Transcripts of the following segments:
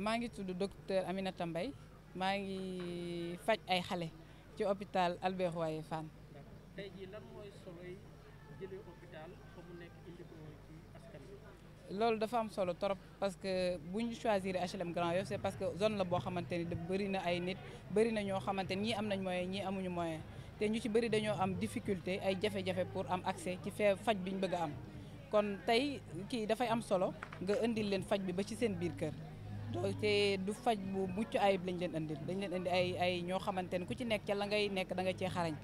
maa ngi tudd docteur Aminata tambay maa ngi faj ay xale ci hôpital Albert Royer Fann. loolu dafa am solo trop parce que bu ñu choisir HLM Grand Yoff c'est parce que zone la boo xamante ni bëri na nit bëri na ñoo xamante ni ñii am nañ moyen ñii amuñu moyen te ñu ci bëri dañoo am difficulté ay jafe-jafe pour am accès ci fee faj bi ñu bëgg am kon tey kii dafay am solo nga indil leen faj bi ba ci seen biir kër. te du faj bu mucc ayib lañ leen indil dañ leen indi ay ay ñoo xamante ne ku ci nekk ca la ngay nekk da cee xarañ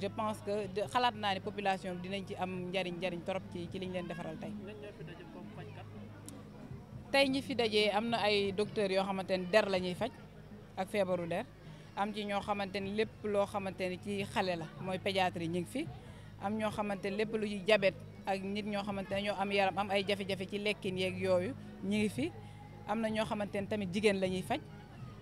je pense que xalaat naa ne population dinañ ci am njariñ njariñ torop ci ci liñ leen defaral tey. tey ñi fi dajee am na ay docteurs yoo xamante ne der lañuy ñuy faj ak feebaru der am ci ñoo xamante ne lépp loo xamante ne ci xale la mooy pédiatrie ñu ngi fi am ñoo xamante ne lépp lu ci jabet ak nit ñoo xamante ne ñoo am yaram am ay jafe-jafe ci lekkin yeeg yooyu ñu fi. am na ñoo xamante ni tamit jigéen la ñuy faj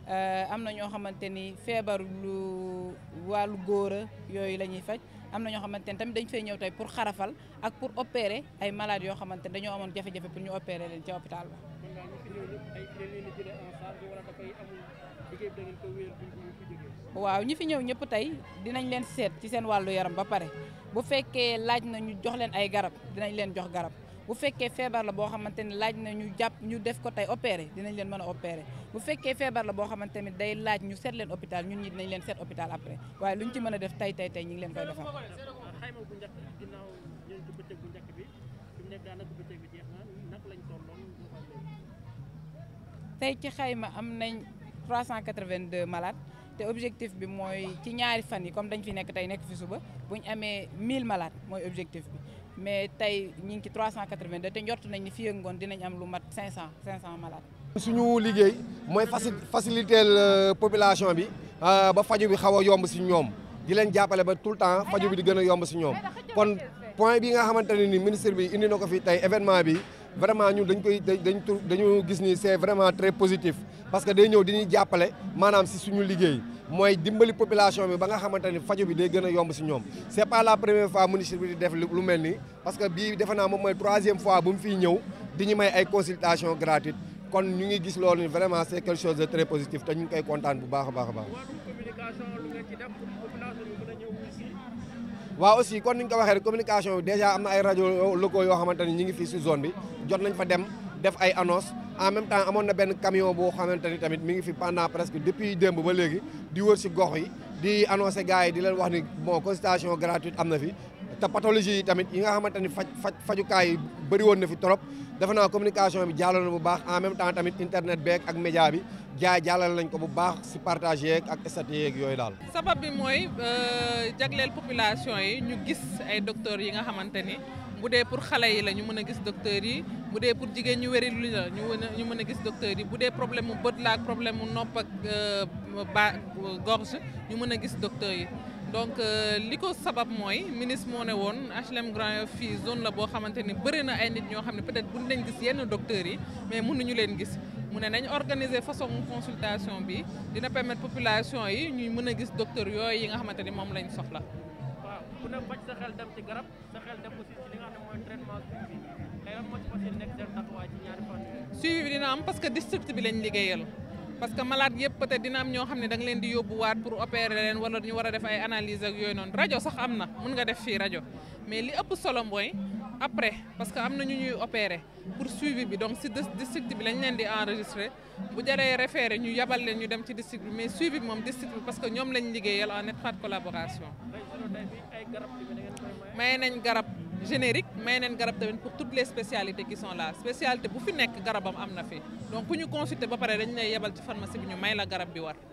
euh, am na ñoo xamante ni feebar lu wàllu góor a yooyu la ñuy faj am na ñoo xamante ni tamit dañ fay ñëw tey pour xarafal ak pour opérer ay malades yoo xamante ni dañoo amoon jafe-jafe pour ñu opérer leen ca hôpital ba. waaw ñi fi ñëw ñëpp tey dinañ leen seet ci seen wàllu yaram ba pare bu fekkee laaj na ñu jox leen ay garab dinañ leen jox garab. bu fekkee feebar la boo xamante ni laaj na ñu jàpp ñu def ko tey opéré dinañ leen mën a opéré bu fekkee feebar la boo xamante ni day laaj ñu seet leen hôpital ñun ñi dinañ leen seet hôpital après waaye lu ñu ci mën a def tey tey tey ñu ngi leen koy defal. tey ci xayma am nañ 382 malades te objectif bi mooy ci ñaari fan yi comme dañ fi nekk tey nekk fi suba bu ñu amee 1000 malades mooy objectif bi. mais tey ñu ngi ci 382 te njort nañ ni fii ak ngoon dinañ am lu mat 500 500 malades. suñu liggéey mooy faci faciliter euh, population bi euh, ba faju bi xaw a yomb si ñoom di leen jàppale ba tout le temps faju bi di gën a yomb si ñoom kon point bi nga xamante ne ni ministre bi indi na ko fi tey événement bi. vraiment ñun dañ koy dañ dañu gis ni c'est vraiment très positif parce que day ñëw di ñuy jàppale maanaam si suñu liggéey mooy dimbali population bi ba nga xamante ni fajo bi day gën a yomb si ñoom c'est pas la première fois ministre bi di def lu mel nii parce que bii defe moom mooy troisième fois bu mu fiy ñëw di ñu may ay consultation gratuite kon ñu ngi gis loolu ni vraiment c'est quelque chose de très positif te ñu ngi kontaan bu baax a baax waaw aussi kon ni ñu ko waxee rek communication bi déjà am na ay rajo locaux yoo xamante ni ñu ngi fii si zone bi jot nañ fa dem def ay annonce en même temps amoon na benn camion boo xamante ni tamit mi ngi fi pendant presque depuis démb ba léegi di wër si gox yi di annoncé gars yi di leen wax ni bon consultation gratuite am na fi te pathologie yi tamit yi nga xamante ni faj faj fajukaay yi bëri woon na fi trop defe naa communication bi jàllal bu baax en même temps tamit internet beeg ak média bi jaay jàllal nañ ko bu baax si partage ak statut yeeg yooyu daal. sabab bi mooy euh, jagleel population yi ñu gis ay docteurs yi nga xamante ni bu dee pour xale yi la ñu mën a gis docteurs yi bu dee pour jigéen ñu wéri lu la ñu ñu mën a gis docteurs yi bu dee problème mu bët la ak problème mu nopp ak euh, ba gorge ñu mën a gis docteurs yi. donc euh, li ko sabab mooy ministre moo ne woon HLM Grand Yoff fii zone la boo xamante ni bëri na ay nit ñoo xam ne peut-être buñ leen gis yenn docteurs yi mais mun nañu leen gis mu ne nañ organiser façon consultation bi dina permettre population yi ñuy mën a gis docteur yooyu yi nga xamante ni moom lañ soxla. waaw ku ne faj ci garab sa xel dem aussi ci li nga xam ne mooy suivi bi moo ci bi dina am parce que district bi lañ liggéeyal. parce que malade yëpp peut-être dina am ñoo xam ne da leen di yóbbuwaat pour opérer leen wala ñu war a def ay analyse ak yooyu noonu rajo sax am na mun nga def fii rajo mais li ëpp solo mooy après parce que am na ñu ñuy opérer pour suivi bi donc si district bi lañ leen di enregistrer bu jaree référé ñu yabal leen ñu dem ci district bi mais suivi bi moom district bi parce que ñoom lañ liggéeyal en étroite collaboration. may nañ garab. générique may nen garab tamit pour toutes les spécialités qui sont là spécialité bu fi nekk garabam am na fi donc ku ñu consulter ba pare dañu lay yebal ci pharmacie bi ñu may la garab bi war